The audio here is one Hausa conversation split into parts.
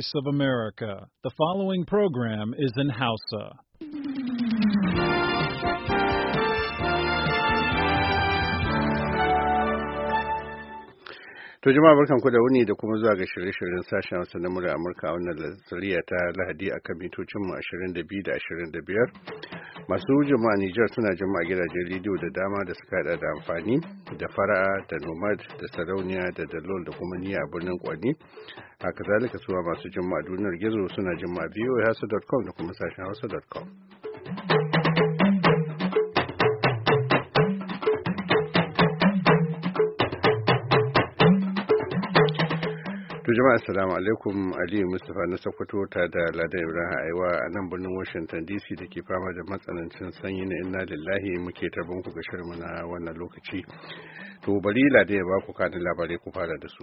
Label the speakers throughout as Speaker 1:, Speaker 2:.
Speaker 1: Voice of America. The following program is in Hausa.
Speaker 2: To jama'a ku da wuni da kuma zuwa ga shirye-shiryen sashen Hausa na murya Amurka a wannan lazariya ta Lahadi a kan mitocin mu 22 da 25. Masu jama'a Nijar suna jama'a gidajen rediyo da dama da suka hada da amfani da fara'a da nomad da sarauniya da dalol da kuma niyya a birnin Kwani. a kazalika suwa masu jama'a duniyar gizo suna jama'a voahausa.com da kuma sashen hausa.com. To jama'a assalamu alaikum Aliyu Mustapha na Sokoto ta da Ladan Ibrahim Aiwa a nan birnin Washington DC da ke fama da matsanancin sanyi na inna lillahi muke tarbon ku ga shirmu na wannan lokaci. To bari Ladan ya ba ku labarai ku fara da su.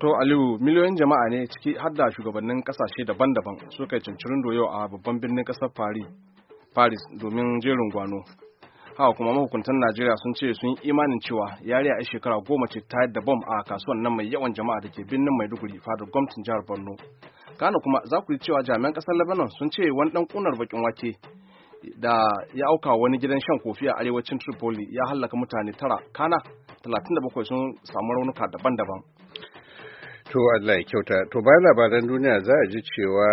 Speaker 3: To Aliyu miliyoyin jama'a ne ciki har da shugabannin kasashe daban-daban suka yi cincirin doyo a babban birnin kasar Paris domin jerin gwano haka kuma mahukuntan najeriya sun ce sun yi imanin cewa yariya a shekara goma ce ta da bom a kasuwan nan mai yawan jama'a da ke birnin maiduguri fadar gwamnatin jihar borno kana kuma za ku ji cewa jami'an kasar lebanon sun ce wani dan kunar bakin wake da ya auka wani gidan shan kofi a arewacin tripoli ya hallaka mutane tara kana 37 sun samu raunuka daban-daban
Speaker 2: To Allah ya kyauta, to bayan labaran duniya za a ji cewa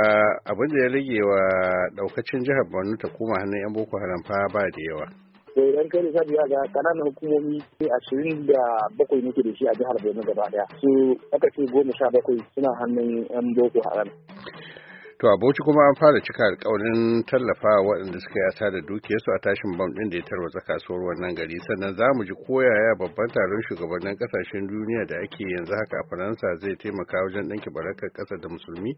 Speaker 2: abin da ya rage wa daukacin jihar Borno ta koma hannun 'yan Boko Haram fa ba da yawa.
Speaker 4: to idan kai lissafi ya ga kananan hukumomi ashirin da bakwai muke da shi a jihar Borno gaba daya su aka ce goma sha bakwai suna hannun yan Boko Haram
Speaker 2: to a bauchi kuma an fara cika alkawarin tallafa waɗanda suka yi da dukiyarsu a tashin bam din da ya tarwatsa kasuwar wannan gari sannan za mu ji koyaya babban taron shugabannin kasashen duniya da ake yanzu haka a faransa zai taimaka wajen ɗanke barakar ƙasa da musulmi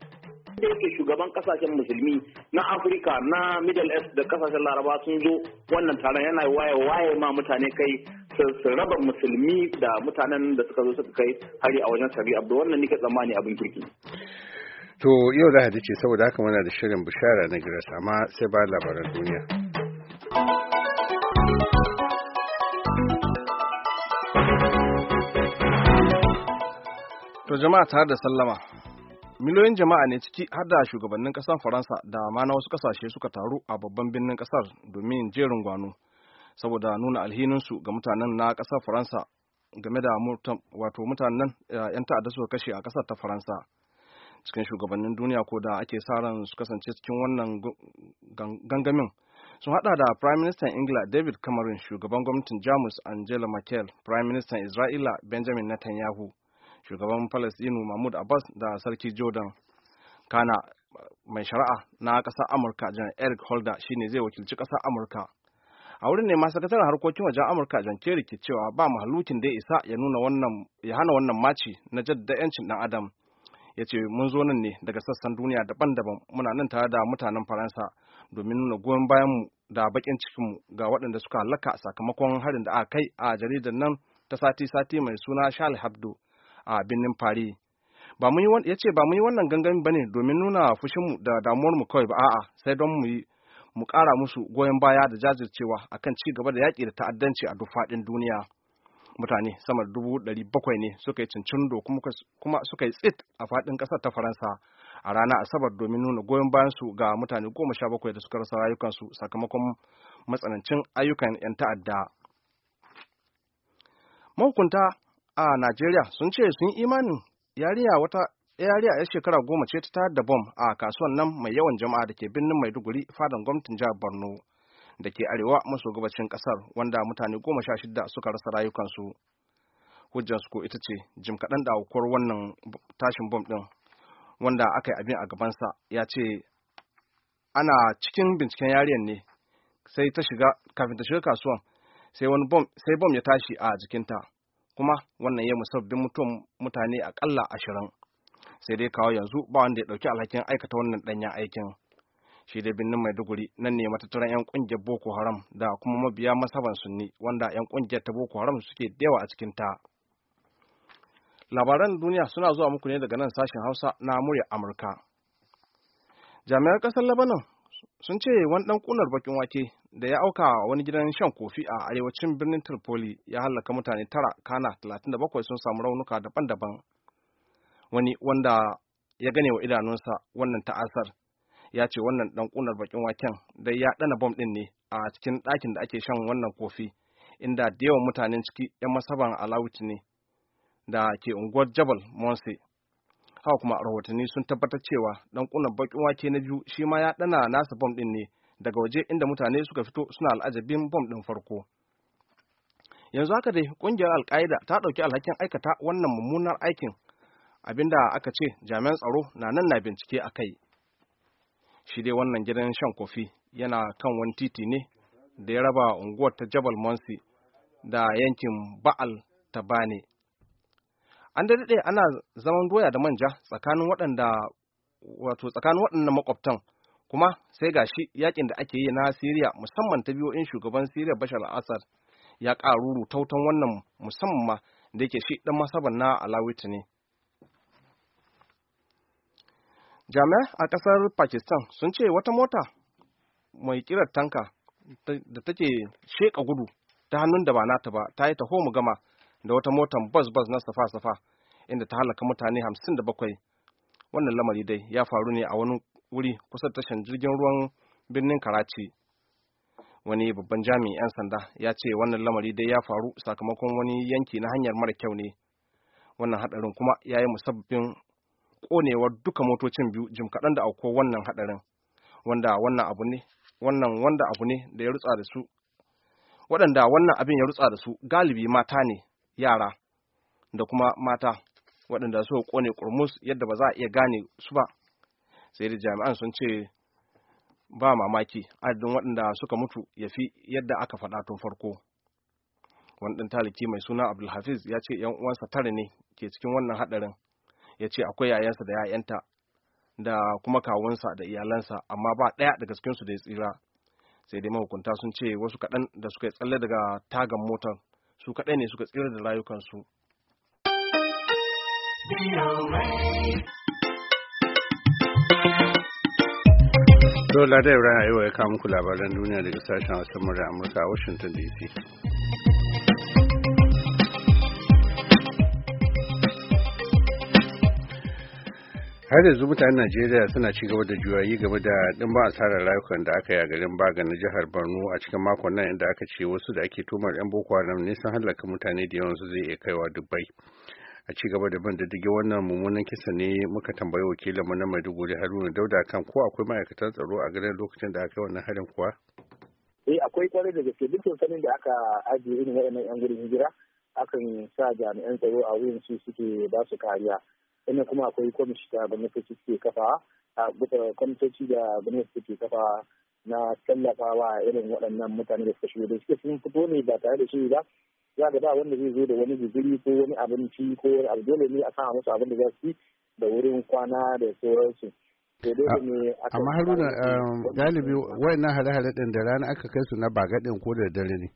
Speaker 5: yake shugaban kasashen musulmi na afirka na middle east da kasashen laraba sun zo wannan taron yana waye waye ma mutane kai su raba musulmi da mutanen da suka zo suka kai hari a wajen sabi abdul wannan nike tsammani abin kirki
Speaker 2: to yau lahadi ce saboda haka muna da shirin bishara na giras amma sai ba labaran
Speaker 5: duniya
Speaker 3: to jama'a tare da sallama miliyoyin jama'a ne ciki har da shugabannin ƙasar faransa da ma na wasu kasashe suka taru a babban birnin ƙasar domin jerin gwano saboda nuna alhininsu ga mutanen na kasar faransa game da wato mutanen eh, 'yan ta'adda suka kashe a kasar ta faransa cikin shugabannin duniya ko da ake sa ran su kasance cikin wannan gangamin sun hada da prime minister ingila david cameron shugaban gwamnatin jamus angela merkel prime minister isra'ila benjamin netanyahu shugaban palestinu mahmud abbas da sarki jordan kana mai shari'a na kasar amurka jan eric holder shine zai wakilci kasar amurka a wurin ne masu sakataren harkokin wajen amurka jan kerry cewa ba mahalukin da isa ya nuna ya hana wannan maci na jaddada yancin dan adam ya ce mun zo nan ne daga sassan duniya daban-daban muna nan tare da mutanen faransa domin nuna goyon bayanmu da bakin cikinmu ga waɗanda suka halaka sakamakon harin da aka kai a jaridar nan ta sati-sati mai suna charles habdo a birnin paris ba mu ya ce ba mu yi wannan gangami ba ne domin nuna fushinmu da damuwar mu kawai ba a'a sai don mu yi mu kara musu goyon baya da jajircewa akan ci gaba da yaƙi da ta'addanci a duk faɗin duniya. mutane sama da dubu ɗari bakwai ne suka yi cincindo kuma suka yi tsit a faɗin ƙasar ta faransa a ranar asabar domin nuna goyon bayan su ga mutane goma sha bakwai da suka rasa rayukansu sakamakon matsanancin ayyukan 'yan ta'adda mahukunta a najeriya sun ce sun yi imanin yariya wata yariya yar shekara goma ce ta tayar da bom a kasuwan nan mai yawan jama'a da ke birnin maiduguri fadan gwamnatin jihar borno da ke arewa maso gabacin kasar wanda mutane goma sha shida suka rasa rayukansu hujjar ko ita ce jim kaɗan da aukuwar wannan tashin bom ɗin wanda aka yi abin a gabansa ya ce ana cikin binciken yariyar ne sai ta shiga kafin ta shiga kasuwan sai wani bom sai bom ya tashi a jikinta kuma wannan ya musabbin mutum mutane akalla ashirin sai dai kawo yanzu ba wanda ya ɗauki alhakin aikata wannan ɗanyen aikin shi dai birnin maiduguri nan ne matattaran 'yan kungiyar boko haram da kuma mabiya masaban sunni wanda 'yan kungiyar ta boko haram suke da yawa a cikin ta labaran duniya suna zuwa muku ne daga nan sashen hausa na murya amurka jami'an kasar labanon sun ce wani dan kunar bakin wake da ya auka wani gidan shan kofi a arewacin birnin tripoli ya hallaka mutane tara kana 37 sun samu raunuka daban-daban wani wanda ya gane wa idanunsa wannan ta'asar ya ce wannan dan kunar bakin waken dai ya dana bom din ne a cikin ɗakin da ake shan wannan kofi inda da yawan mutanen ciki 'yan masaban alawut ne da ke unguwar jabal monse haka kuma rahotanni sun tabbatar cewa dan kunar bakin wake na biyu shi ma ya dana nasa bom din ne daga waje inda mutane suka fito suna al'ajabin bom din farko yanzu haka dai kungiyar alkaida ta ɗauki alhakin aikata wannan mummunar aikin abinda aka ce jami'an tsaro na nan na bincike a kai shi dai wannan gidan shan kofi yana kan wani titi ne da ya raba unguwar ta jabal monsi da yankin ba'al ta bane. an daɗe ana zaman doya da manja tsakanin waɗanda wato tsakanin waɗannan makwabtan kuma sai ga shi yakin da ake yi na siriya musamman ta biyo in shugaban siriya bashar al ya ƙaruru tautan wannan musamman da yake shi ɗan masaban na alawitu ne jami'ai a ƙasar pakistan sun ce wata mota mai kirar tanka da take sheka gudu ta hannun da ba nata ba ta yi taho mu gama da wata motan bus-bus na safa safa inda ta halaka mutane hamsin da bakwai wannan lamari dai ya faru ne a wani wuri kusa da tashan jirgin ruwan birnin karachi wani babban jami'in 'yan sanda ya ce wannan lamari dai ya faru sakamakon wani yanki na hanyar mara kyau ne wannan haɗarin kuma ya yi musabbin ƙonewar duka motocin biyu jim kaɗan da auko wannan haɗarin wanda wannan abu ne wannan wanda abu ne da ya rutsa da su waɗanda wannan abin ya rutsa da su galibi mata ne yara da kuma mata waɗanda suka kone kurmus yadda ba za a iya gane su ba sai da jami'an sun ce ba mamaki adadin waɗanda suka mutu ya fi yadda aka faɗa tun farko wani ɗan taliki mai suna abdulhafiz ya ce 'yan uwansa tare ne ke cikin wannan haɗarin ya ce akwai yayansa da 'ya'yanta da kuma kawunsa da iyalansa amma ba ɗaya daga cikinsu da ya tsira sai dai mahukunta sun ce wasu kaɗan da suka yi tsalle daga tagan motar su kaɗai ne suka tsira da rayukansu
Speaker 2: Dole da Ibrahim Aiwa ya kawo muku labaran duniya daga sashen wasan murar Amurka a Washington DC. har yanzu mutanen najeriya suna ci gaba da juyayi game da ba asarar rayukan da aka yi a garin baga na jihar borno a cikin makon nan inda aka ce wasu da ake tumar yan boko haram ne sun hallaka mutane da yawansu zai iya kaiwa dubai a ci gaba da bin wannan mummunan kisa ne muka tambayi wakilinmu na maiduguri haruna dauda kan ko akwai ma'aikatan tsaro a garin lokacin da aka yi wannan harin kuwa
Speaker 4: eh akwai kwarai da gaske dukkan sanin da aka ajiye irin waɗannan yan gudun hijira akan sa jami'an tsaro a wurin su suke ba su kariya sannan kuma akwai kwamishi da gwamnatoci suke kafa a kwamitoci da gwamnati suke kafa na tallafawa irin waɗannan mutane da suka shigo da suke sun fito ne ba tare da shi ba za ga ba wanda zai zo da wani guzuri ko wani abinci ko wani abu dole ne a kama musu abin da za su yi da wurin kwana da sauransu. amma haruna um,
Speaker 2: galibi wayannan hare-hare ɗin da rana aka kai su na ba bagaɗin ko da dare ne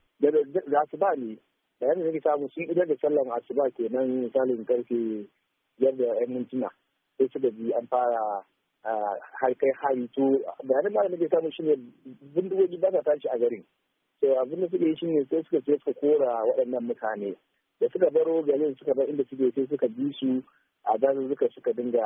Speaker 4: da su ba ne da yadda nake samu sun idar da sallan asuba kenan misalin karfe yadda yan mintuna sai suka biyu an fara har kai hari to da hannun malamin nake samun shine bindigogi ba sa tashi a garin to abin da suke yi shine sai suka je suka kora waɗannan mutane da suka baro garin suka bar inda suke sai suka bi su a dazuzzuka suka dinga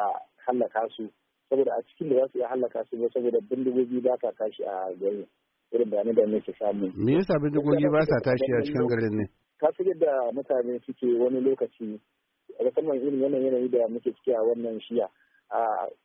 Speaker 4: hallaka su saboda a cikin da za su iya hallaka su ne saboda bindigogi ba sa tashi a garin irin bayanan da nake samu
Speaker 2: me yasa bindigogi ba sa tashi a cikin garin ne
Speaker 4: ka yadda mutane suke wani lokaci musamman irin wannan yanayi da muke ciki a wannan shiya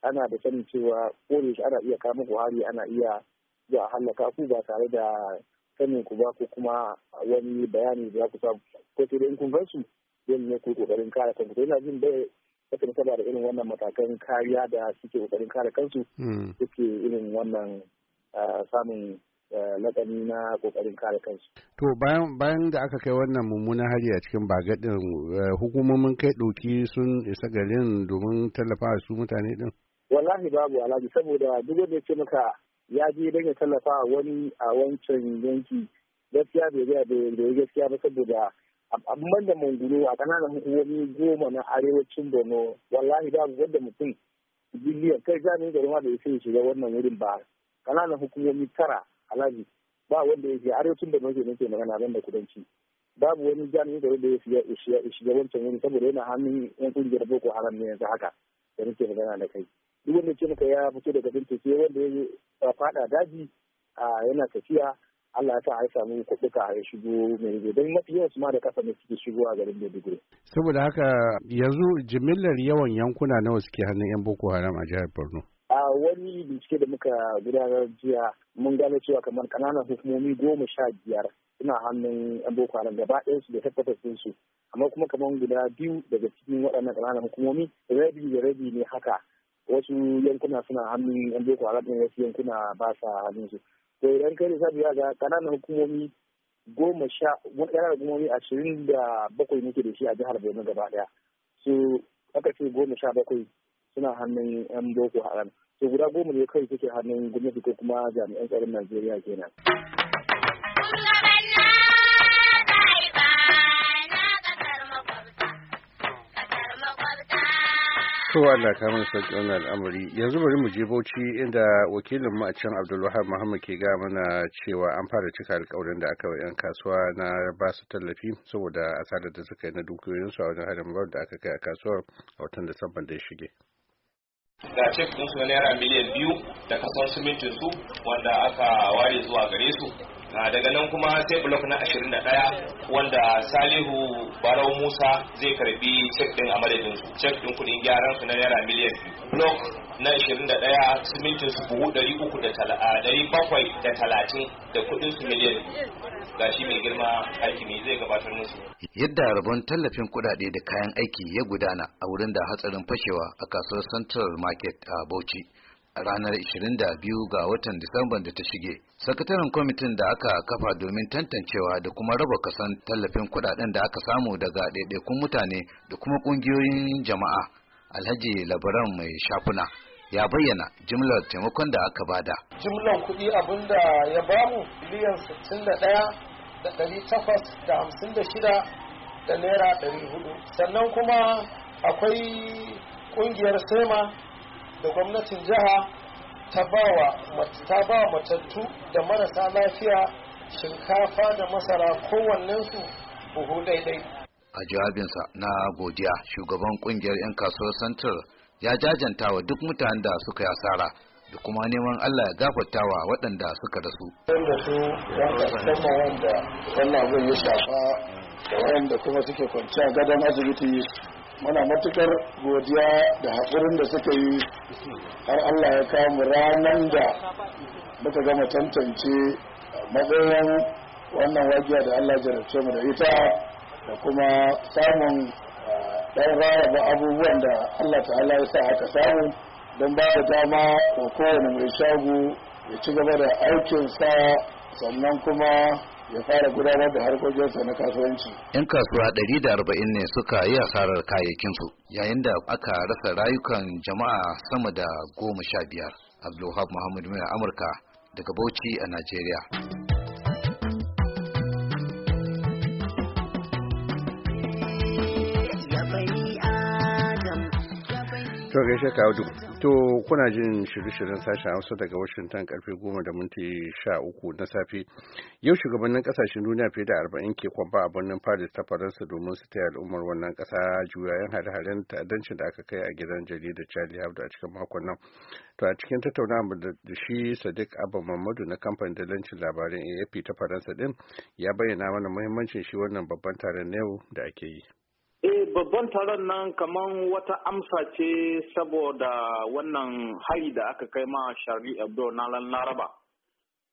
Speaker 4: ana da sanin cewa kore ana iya kama buhari hari ana iya zuwa hallaka ku ba tare da sanin ku ba ko kuma wani bayani da za ku samu ko sai in kun gan su ne ku kokarin kare kanku yana jin bai wata saba da irin wannan matakan kariya da suke kokarin kare kansu hmm. suke irin wannan eh, samun matsani eh, na kokarin kare kansu.
Speaker 2: To bayan bayan da aka kai wannan mummunan hari a cikin bagadin eh, hukumomin kai ɗauki sun isa garin domin tallafa su mutane din.
Speaker 4: Wallahi babu alaji saboda duk da ce maka ya je don ya tallafa wani a wancan yanki gaskiya bai zai bai gaskiya ba saboda amman da mangoro a kananan hukumomi goma na arewacin Borno wallahi babu wanda mutum biliyan kai jami'in garin ma da ya shiga wannan wurin ba kananan hukumomi tara alhaji ba wanda ya fiye arewacin da nake nake magana ban da kudanci babu wani jami'in da wanda ya fiye ishiya wancan wani saboda yana hannun yan kungiyar boko haram ne yanzu haka da nake magana da kai duk wanda ce maka ya fito daga binta sai wanda ya fada daji yana tafiya Allah ya sa a samu kuɗuka ya shigo mai don mafi yawan su ma da kasa ne suke shigo a garin Maiduguri.
Speaker 2: Saboda haka yanzu jimillar yawan yankuna nawa suke hannun 'yan Boko Haram a jihar
Speaker 6: Borno?
Speaker 4: a wani bincike da muka gudanar jiya mun gano cewa kamar kananan hukumomi goma sha biyar suna hannun yan boko haram gaba ɗaya su da tabbatar sun su amma kuma kamar guda biyu daga cikin waɗannan kananan hukumomi rabi da rabi ne haka wasu yankuna suna hannun yan boko haram ɗin wasu yankuna ba sa hannun su to idan kai lissafi ya ga kananan hukumomi goma sha kananan hukumomi ashirin da bakwai muke da shi a jihar Borno gaba ɗaya su aka ce goma sha bakwai suna hannun yan boko haram to guda goma ne kai suke hannun gwamnati ko kuma jami'an tsaron najeriya kenan
Speaker 2: Kowa Allah ta mun sauki wannan al'amari yanzu bari mu je Bauchi inda wakilin mu a can Abdulwahab Muhammad ke ga mana cewa an fara cika alƙawarin da aka wa 'yan kasuwa na ba su tallafi saboda asarar da suka yi na dukiyoyinsu a wajen harin da aka kai a kasuwar a watan da Disamban da ya shige.
Speaker 1: ga cek
Speaker 3: su na naira miliyan biyu da kasan simintin su wanda aka ware zuwa gare su daga nan kuma sai blok na 21 wanda salihu barau musa zai karbi cek din a madadin su cek din kudin gyaran su na naira miliyan blok na 21 simintin su buhu 730 da kudin
Speaker 6: su miliyan gashi mai girma hakimi zai gabatar musu yadda rabon tallafin kudade da kayan aiki ya gudana a wurin da hatsarin fashewa a kasuwar central market a bauchi ranar 22 ga watan Disamban da ta shige. Sakataren kwamitin da aka kafa domin tantancewa da kuma raba kasan tallafin kudaden da aka samu daga ɗaiɗaikun mutane da kuma ƙungiyoyin jama'a Alhaji Labaran mai shafuna ya bayyana jimlar taimakon da aka bada.
Speaker 7: Jimlar kuɗi abin da ya bamu biliyan 61,856 da da naira 400 sannan kuma akwai ƙungiyar sema da gwamnatin jiha ta ba matattu da marasa lafiya shinkafa da masara kowannensu buhu daidai
Speaker 6: a jawabinsa na godiya shugaban kungiyar 'yan kasuwar santar ya jajanta wa duk mutanen da suka yi da kuma neman Allah ya gafarta wa waɗanda suka rasu. Wanda su wanda kuma
Speaker 4: wanda wannan abin ya shafa da kuma suke kwanciya gadon asibiti muna matukar godiya da haƙurin da suka yi har Allah ya kamu ranar da muka gama tantance matsayin wannan wajiya da Allah jarabce mu da ita da kuma samun eh, ɗan rarraba abubuwan da Allah ta'ala ya sa aka samu don ba da dama ko kowane mai shagu ya ci gaba da aikinsa sannan kuma ya fara gudanar da harkokinsa na kasuwanci.
Speaker 6: 'Yan kasuwa ɗari da arba'in ne suka yi asarar kayayyakinsu yayin da aka rasa rayukan jama'a sama da goma sha biyar. Abdulhab Muhammadu Mai Amurka daga Bauchi a Najeriya.
Speaker 2: shakka kawo to kuna jin shirye-shiryen sashen hausa daga washington karfe goma da minti sha uku na safe yau shugabannin kasashen duniya fiye da arba'in ke kwamba a birnin paris ta faransa domin su taya al'ummar wannan kasa juyayen hare-haren ta'addancin da aka kai a gidan jarida charlie hebdo a cikin makon nan to a cikin tattaunawa da shi sadiq abba mamadu na kamfanin dalancin labarin afp ta faransa din ya bayyana mana muhimmancin shi wannan babban taron yau da ake yi
Speaker 5: Eh babban taron nan kaman wata amsa ce saboda wannan hari da aka kai ma shari'a Hebdo na Laraba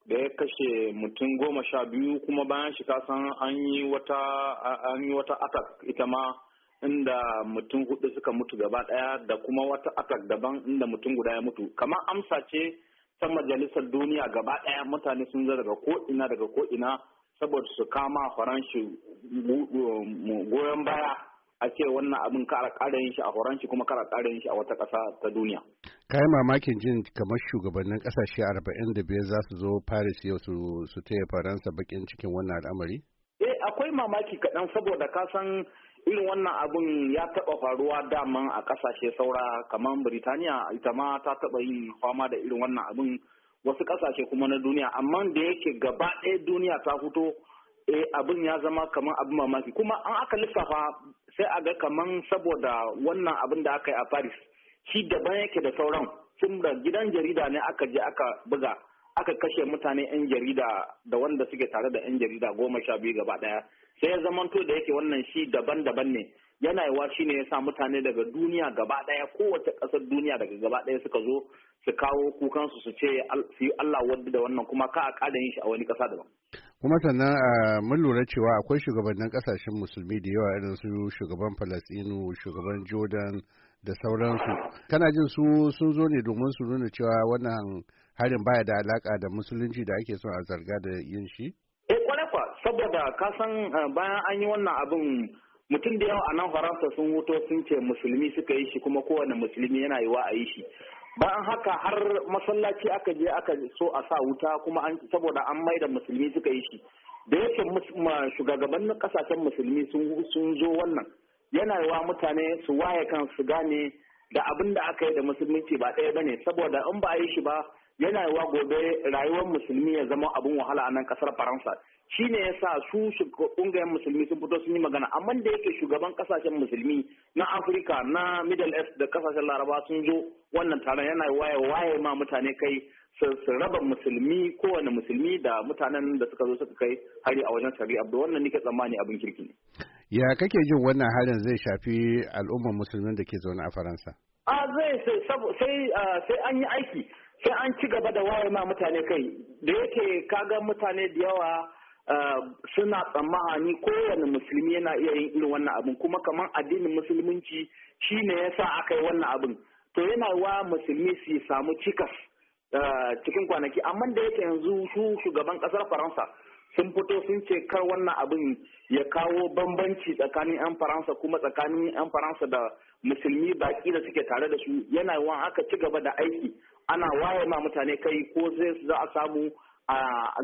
Speaker 5: da ya kashe mutum goma sha biyu kuma bayan shi kasan an yi wata an yi wata atak ita ma inda mutum hudu suka mutu gaba daya da kuma wata atak daban inda mutum guda ya mutu kamar amsa ce ta majalisar duniya gaba daya mutane sun zo daga ko ina daga ko ina saboda su kama faranshi goyon baya a ce wannan abin kara kara yin shi a horon shi kuma kara kara yin shi a wata kasa ta duniya.
Speaker 2: yi mamakin jin kamar shugabannin ƙasashe arba'in da biyar za su zo Paris yau su su taya Faransa bakin cikin wannan al'amari?
Speaker 5: Eh akwai mamaki kaɗan saboda ka san irin wannan abin ya taɓa faruwa daman a kasashe saura kamar Birtaniya ita ma ta taɓa yin fama da irin wannan abun wasu kasashe kuma na duniya amma da yake gaba ɗaya duniya ta fito eh abin ya zama kamar abin mamaki kuma an aka lissafa sai a ga kaman saboda wannan abin da aka yi a paris shi daban yake da sauran tun da gidan jarida ne aka je aka buga aka kashe mutane 'yan jarida da wanda suke tare da 'yan jarida goma sha biyu gaba daya sai ya zamanto da yake wannan shi daban-daban ne yana yawa shi ne ya sa mutane daga duniya gaba daya kowace kasar duniya daga gaba daya suka zo su kawo kukansu su ce su yi Allah wadda da wannan kuma ka a ƙada yin shi a wani ƙasa daban.
Speaker 2: kuma sannan a mun lura cewa akwai shugabannin kasashen musulmi da yawa irin su shugaban falastinu shugaban jordan da sauransu kana jin su sun zo ne domin su nuna cewa wannan harin baya da alaka da musulunci da ake son a zarga da yin shi
Speaker 5: eh, saboda ka saboda kasan eh, bayan an yi wannan abin mutum da yawa a nan faransa sun wuto sun ce musulmi suka yi shi kuma kowane musulmi yana yiwa a yi shi bayan haka har masallaci aka je aka so a sa wuta kuma an saboda an maida musulmi suka yi shi da yake shugabannin kasashen musulmi sun zo wannan yana wa mutane su waye kan su gane da abin da aka yi da musulmi ba ɗaya ne saboda in ba a yi shi ba yana yiwa gobe rayuwar musulmi ya zama abin wahala a nan kasar faransa shi ne ya sa su ƙungiyar musulmi sun fito sun yi magana amma da yake shugaban kasashen musulmi na afirka na middle east da kasashen laraba sun zo wannan taron yana waye waye ma mutane kai su raba musulmi kowane musulmi da mutanen da suka zo suka kai hari a wajen shari'a da wannan nike tsammani abin kirki ne
Speaker 2: ya kake jin wannan harin zai shafi al'ummar musulmin da ke zaune a faransa
Speaker 5: a zai sai ah, an yi aiki sai an ci gaba da waye ma mutane kai da yake kaga mutane da yawa ah, suna tsammani kowane musulmi yana iya yin irin wannan abin kuma kamar addinin musulunci shine sa aka yi wannan abin to yana wa musulmi su samu cikas ah, cikin kwanaki amma da yake yanzu su shugaban kasar faransa sun fito sun ce kar wannan abin ya kawo bambanci tsakanin 'yan faransa kuma tsakanin 'yan faransa da musulmi baki da suke tare da su yana wa aka ci gaba da aiki ana waye ma mutane kai ko zai za a samu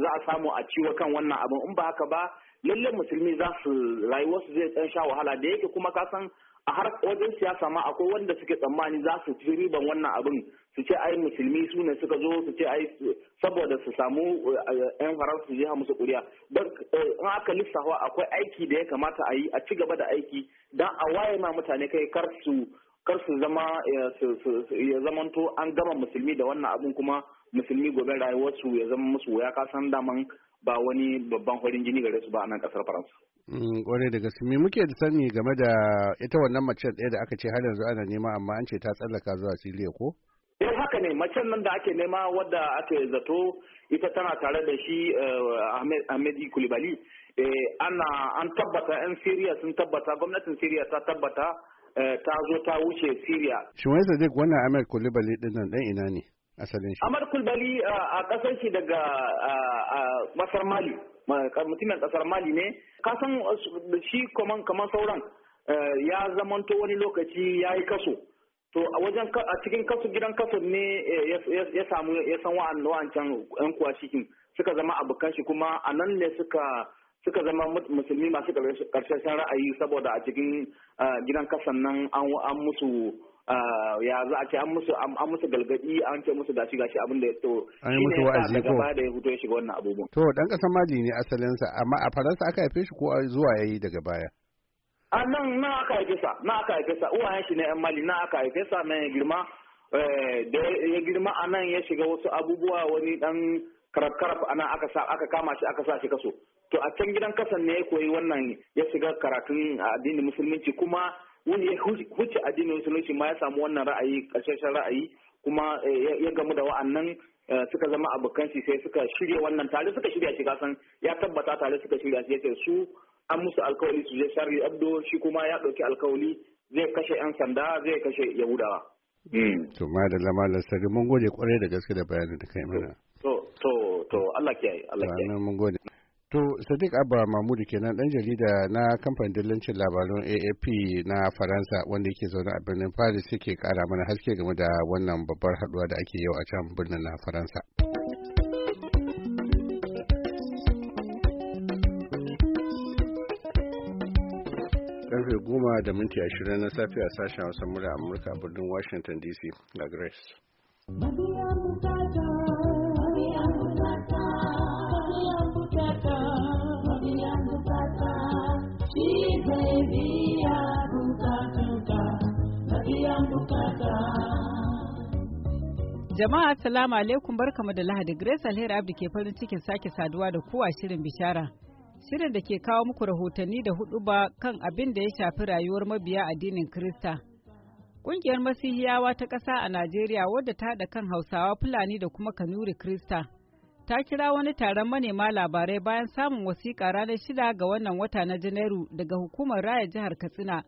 Speaker 5: za a samu a ciwo kan wannan abin in ba haka ba lalle musulmi za su su zai dan sha wahala da yake kuma ka san a har wajen siyasa ma akwai wanda suke tsammani za su ci riban wannan abin su ce ai musulmi su ne suka zo su ce ai saboda su samu yan eh, faransu su je musu kuriya don eh, in aka lissafa akwai aiki da ya kamata a yi a ci gaba da aiki don a waye ma mutane kai kar su kar su zama eh, ya zamanto an gama musulmi da wannan abin kuma musulmi gobe rayuwarsu ya zama musu wuya kasan daman ba wani babban horin jini gare su ba a nan kasar faransa.
Speaker 2: kwarai mm, da gaske me muke da sani game da ita wannan mace ɗaya da aka ce har yanzu ana nema amma an ce ta tsallaka zuwa siriya ko?
Speaker 5: eh haka ne macen nan da ake nema wadda ake zato ita tana tare da shi eh, ahmed kulibali eh, ana an tabbata yan siriya sun tabbata gwamnatin siriya ta tabbata Eh, ta zo ta wuce Syria.
Speaker 2: Shin wai Sadiq wannan Ahmed Kulibali din nan dan ina ne asalin shi?
Speaker 5: Ahmed Kulibali eh, a kasar shi daga masar eh, Mali. Mutumin kasar Mali ne. Ka san shi kaman kaman sauran ya zamanto wani lokaci ya yi kaso. To a wajen a cikin kaso gidan kaso ne ya samu ya san wa'ancan 'yan kuwa shikin suka zama abokan shi kuma a nan ne suka suka zama musulmi masu karshen ra'ayi saboda a cikin gidan kasan nan an musu ya za a ce an musu an musu galgadi an ce musu gashi gashi abin da ya to an ne musu wa'azi ko gaba da ya fito ya shiga wannan abubuwan
Speaker 2: to dan kasan maji ne sa amma a faransa aka haife shi ko zuwa yayi daga baya
Speaker 5: a nan na aka haife sa na aka haife sa uwayen shi ne yan mali na aka haife sa na ya girma eh, da ya girma a nan ya shiga wasu abubuwa wani dan karab karab a nan aka aka kama shi aka sa shi kaso to a can gidan kasan ne ya koyi wannan ya shiga karatun addinin musulunci kuma wani ya huce addinin musulunci ma ya samu wannan ra'ayi ƙarshen ra'ayi kuma eh, ya gamu da wa'annan eh, suka zama abokan shi sai suka shirya wannan tare suka shirya shi kasan ya tabbata tare suka shirya shi yace su an musu alkawali su je sharri abdo shi kuma ya ɗauki alkawali zai kashe yan sanda zai kashe yahudawa. Hmm.
Speaker 2: to ma da lama mun gode kwarai da gaske da bayanin da kai mana.
Speaker 5: to to to Allah kiyaye Allah kiyaye.
Speaker 2: mun gode. To Sadiq Abba Mahmudu kenan ɗan jarida na kamfanin dillancin labarun AAP na Faransa wanda yake zaune a birnin Paris yake ƙara mana haske game da wannan babbar haɗuwa da ake yau a can birnin na Faransa. Karfe goma da minti ashirin na safe a sashen Hausa mura Amurka birnin Washington DC ga Grace.
Speaker 1: Jama'a salamu alaikum barkamu da Lahadi Grace Alheri Abdi ke farin cikin sake saduwa da kowa shirin bishara. Shirin da ke kawo muku rahotanni da hudu ba kan abin da ya shafi rayuwar mabiya addinin kirista. Ƙungiyar Masihiyawa ta ƙasa a Najeriya wadda ta haɗa kan Hausawa Fulani da kuma Kanuri Kirista Ta kira wani taron manema labarai bayan samun wasiƙa ranar shida ga wannan wata na Janairu daga hukumar raya jihar Katsina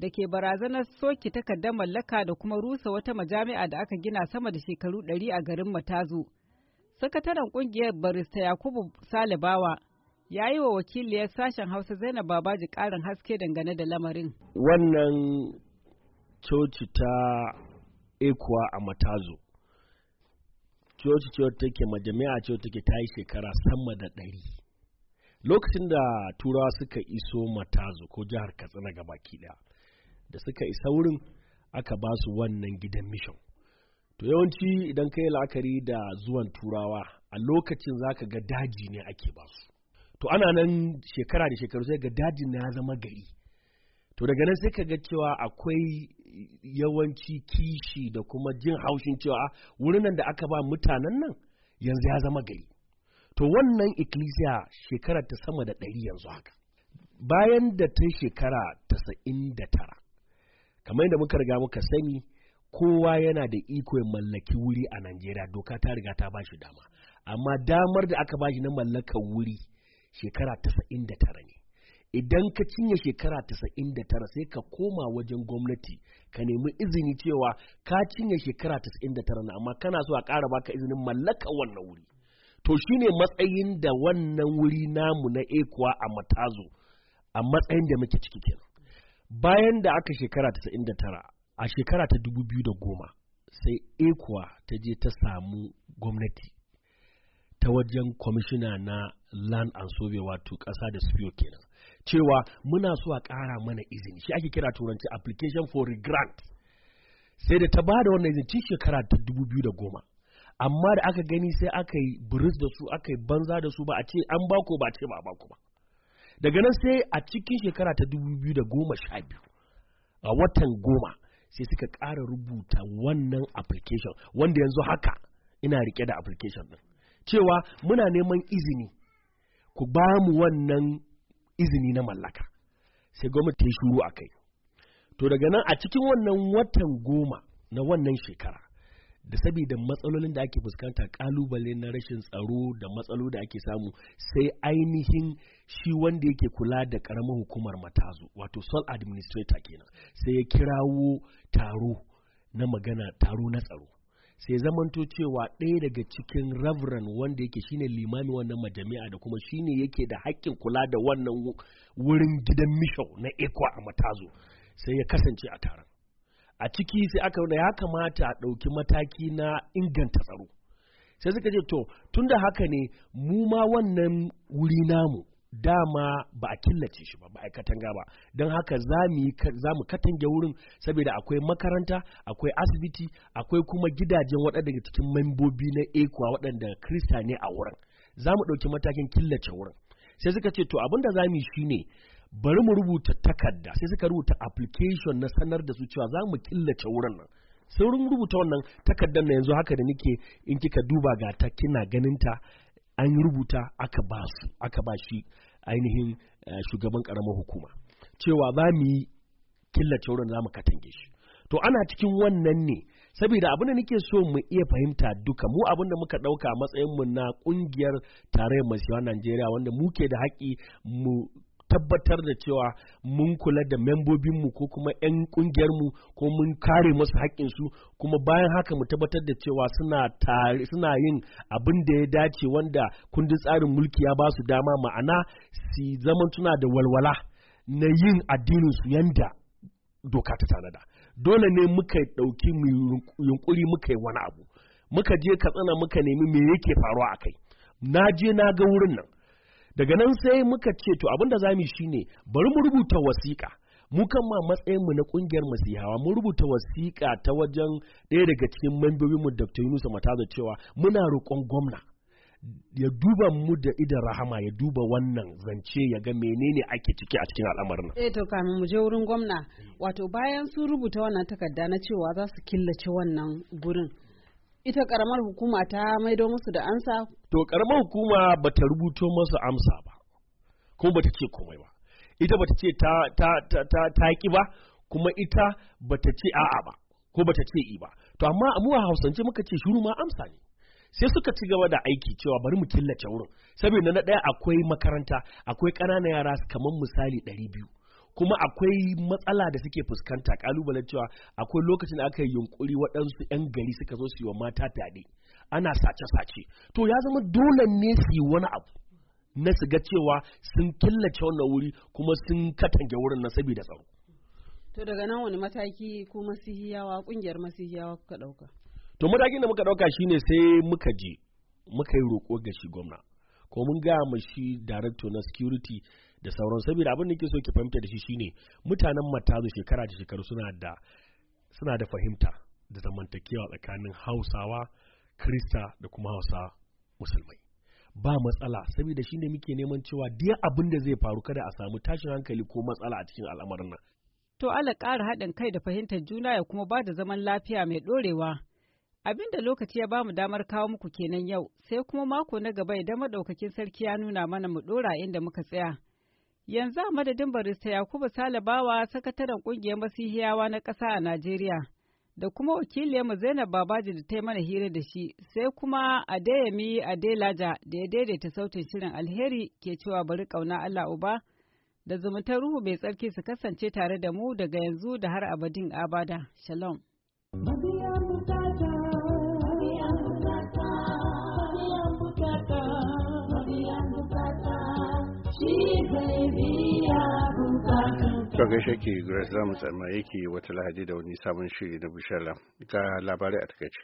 Speaker 1: da ke barazanar soke takardar mallaka da kuma rusa wata majami'a da aka gina sama da shekaru ɗari a garin Matazu. Sakataren ƙungiyar barista Yakubu Salibawa ya yi wa wakiliyar sashen Hausa Zainab Babaji ƙarin haske dangane da lamarin.
Speaker 7: Wannan coci ta ekuwa a Matazu. Coci ce wata take majami'a ce take ta yi shekara sama da ɗari. Lokacin da Turawa suka iso Matazu ko jihar Katsina gabaki ɗaya. da suka isa wurin aka ba su wannan gidan mishon to yawanci idan ka yi la'akari da zuwan turawa a lokacin za ka ga daji ne ake ba su to ana nan shekara da shekaru sai ga dajin na zama gari to daga nan sai ka ga cewa akwai yawanci kishi da kuma jin haushin cewa ah, wurin nan da aka ba mutanen nan yanzu ya zama gari to wannan ikkilisiya shekara ta sama da ɗari yanzu haka bayan da ta shekara tasa'in da tara kamar yadda muka riga muka sani kowa yana da iko ya mallaki wuri a Najeriya doka ta riga ta ba shi dama amma damar da aka bashi na mallakar wuri shekara tasa'in da tara ne idan ka cinye shekara tasa'in da tara sai ka koma wajen gwamnati ka nemi izini cewa ka cinye shekara tasa'in da tara amma kana so a ƙara baka izinin mallaka wannan wuri to shine matsayin da wannan wuri namu na ekuwa a matazo a matsayin da muke ciki kenan bayan da aka shekara ta tara a shekara ta dubu biyu da goma sai ekuwa ta je ta samu gwamnati ta wajen kwamishina na land and survey wato ƙasa da spiyo kenan cewa muna so a kara mana izini shi ake kira turanci application for Regrant. sai da ta ba da wannan izini cikin shekara ta dubu biyu da goma amma da aka gani sai aka yi buris da su aka yi banza da su ba a ce an bako ba a ce ba a bako ba daga nan sai a cikin shekara ta da goma sha biyu a watan goma sai suka kara rubuta wannan application wanda yanzu haka ina rike da application din cewa muna neman izini ku ba mu wannan izini na mallaka sai gwamnati ta yi shuru a kai to daga nan a cikin wannan watan goma na wannan shekara da saboda matsalolin da ake fuskanta kalubale na rashin tsaro da matsalo da ake samu sai ainihin shi wanda yake kula da karamar hukumar matazu wato sol administrator kenan sai ya kirawo taro na magana taro na tsaro sai zamanto cewa ɗaya daga cikin reverend wanda yake shine limamin wannan majami'a da kuma shine yake da haƙƙin kula da wannan wurin gidan misho na eko a matazo sai ya kasance a taron a ciki sai aka nuna ya kamata a ɗauki mataki na inganta tsaro sai suka ce to tun da haka ne mu ma wannan wuri namu dama ba a killace shi ba ba a katanga ba don haka za mu katange wurin saboda akwai makaranta akwai asibiti akwai kuma gidajen waɗanda daga cikin membobi na ekuwa waɗanda krista ne a wurin za mu ɗauki matakin killace wurin sai suka ce to abin da za mu yi ne. bari mu rubuta takarda sai suka rubuta application na sanar da su cewa za mu killace wurin nan sai rubuta wannan takardar na yanzu haka da nake in kika duba ga ta kina ganin ta an rubuta aka ba su aka ba shi ainihin eh, shugaban karamar hukuma cewa za mu yi killace wurin za mu katange shi to ana cikin wannan ne saboda abin da nake so mu iya fahimta duka mu abin da muka ɗauka matsayin mu na ƙungiyar tarayyar masu Najeriya wanda muke da haƙi mu tabbatar da cewa mun kula da membobinmu ko kuma 'yan ƙungiyarmu ko mun kare masu haƙƙinsu kuma bayan haka mu tabbatar da cewa suna yin abin da ya dace wanda kundin tsarin mulki ya ba su dama ma'ana su zaman tuna da walwala na yin addininsu yanda doka ta tanada dole ne muka ɗauki mu yunkuri muka yi wani abu muka je katsina muka nemi me yake faruwa a kai na je na ga wurin nan daga nan sai muka ce to abinda za mu shine bari mu rubuta wasiƙa mu kan ma matsayin mu na kungiyar masihawa mu rubuta wasiƙa ta wajen ɗaya daga cikin membobin mu Dr. Yunusa da cewa muna roƙon gwamna ya duba mu da idan rahama ya duba wannan zance ya ga menene ake ciki a cikin al'amarin
Speaker 1: eh to kamin mu je wurin gwamna wato bayan sun rubuta wannan takarda na cewa za su killace wannan gurin ita karamar hukuma ta maido musu da ansa?
Speaker 7: To karamar hukuma ba ta rubuto amsa ba, kuma ba ta ce komai ba. Ita ba ta ce ta ki ba, kuma ita ba ta ce a'a ba, ko ba ta ce i ba. To amma mu a Hausance muka ce shuru ma amsa ne. sai suka ci gaba da aiki cewa bari mu killace wurin saboda na ɗaya akwai makaranta akwai ƙananan yara kamar misali ɗari biyu kuma akwai matsala da suke fuskanta kalubalen cewa akwai lokacin da aka yi yunkuri waɗansu 'yan gari suka zo su yi wa mata tare ana sace-sace to ya zama dole ne su yi wani abu na su ga cewa sun killace wannan wuri kuma sun katange wurin na saboda tsaro
Speaker 1: to daga nan wani mataki ko masihiyawa kungiyar masihiyawa kuka ɗauka
Speaker 7: to matakin da muka ɗauka shine sai muka je muka yi roƙo ga shi gwamna ko mun gaya ma shi director na security da sauran saboda abin da ke so ki fahimta da shi shine mutanen matazu shekara da shekaru suna da suna da fahimta da zamantakewa tsakanin hausawa krista da kuma hausa musulmai ba matsala saboda shine muke neman cewa duk abin da zai faru kada a samu tashin hankali ko matsala a cikin al'amarin nan
Speaker 1: to Allah ƙara haɗin kai da fahimtar juna ya kuma ba da zaman lafiya mai ɗorewa Abin da lokaci ya bamu damar kawo muku kenan yau, sai kuma mako na gaba idan madaukakin sarki ya nuna mana mu dora inda muka tsaya. Yanzu a madadin barista Yakubu Salabawa sakataren kungiyar Masihiyawa na ƙasa a Najeriya da kuma wakiliyarmu Zainab Babaji da ta yi mana hira da shi sai kuma Adeyemi Adelaja da ya daidaita sautin shirin alheri ke cewa bari kauna Allah Uba da zumuntar ruhu mai tsarki su kasance tare da mu daga yanzu da har abadin abada. Shalom.
Speaker 2: Kuka gaishe ke Grace Zamu Tsarma yake wata lahadi da wani sabon shiri na Bushara ga labarai a takaice.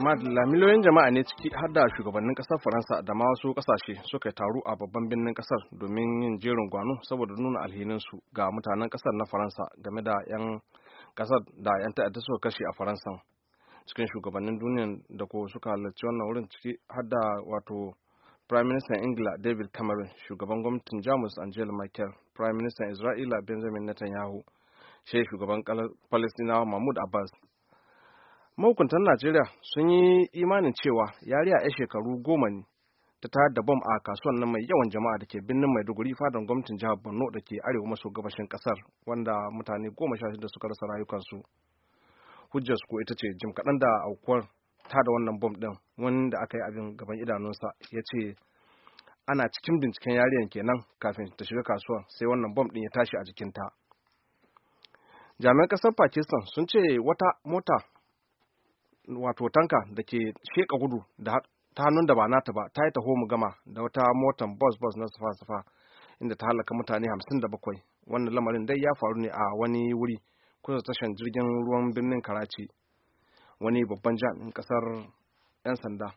Speaker 3: Madalla miliyoyin jama'a ne ciki har da shugabannin kasar Faransa da ma wasu kasashe suka taru a babban birnin kasar domin yin jerin gwano saboda nuna alhininsu ga mutanen kasar na Faransa game da 'yan kasar da 'yan ta'adda suka kashe a Faransa. cikin shugabannin duniya da ko suka halarci wannan wurin ciki har da wato prime minister ingila david cameron shugaban gwamnatin jamus angela merkel prime minister isra'ila benjamin netanyahu shi shugaban palestinawa mahmud abbas mahukuntan najeriya sun yi imanin cewa yari a shekaru goma ne ta tayar da bom a kasuwan nan mai yawan jama'a da ke birnin maiduguri fadon gwamnatin jihar borno da ke arewa maso gabashin kasar wanda mutane goma sha shida suka rasa rayukansu hujjar ko ita ce jim kaɗan da aukuwar ta da wannan bom ɗin wanda aka yi abin gaban idanunsa ya ce ana cikin binciken yarinyar kenan kafin ta shiga kasuwar sai wannan bom ɗin ya tashi a jikinta jami'an ƙasar pakistan sun ce wata mota wato tanka da ke sheƙa gudu da ta hannun da ba nata ba ta yi taho mu gama da wata motan bus bus na safa-safa inda ta halaka mutane 57 wannan lamarin dai ya faru ne a wani wuri kusa tashar jirgin ruwan birnin karachi wani babban jami'in kasar 'yan sanda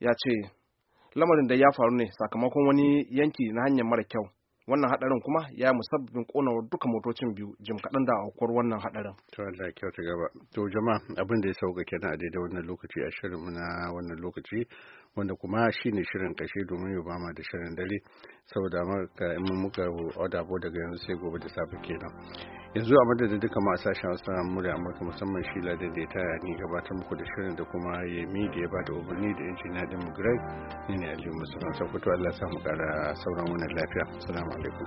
Speaker 3: ya ce lamarin da ya faru ne sakamakon wani yanki na hanyar mara kyau wannan hadarin kuma ya musabbabin konawar duka motocin biyu jim kaɗan da aukuwar wannan hadarin.
Speaker 2: To Allah kyauta gaba. To jama'a abin da ya sauka kenan a daidai wannan lokaci a shirin na wannan lokaci wanda kuma shine shirin kashe domin ya bama da shirin dare. saboda amurka in muka oda bo daga yanzu sai gobe da safe kenan yanzu a madadin duka ma sashen wasu murya amurka musamman shi ladin da ya taya ni gabatar muku da shirin da kuma ya mi da ya bada umarni da injiniya din mu greg ne ne aliyu musamman sakuto allah mu kara sauran wannan lafiya salamu alaikum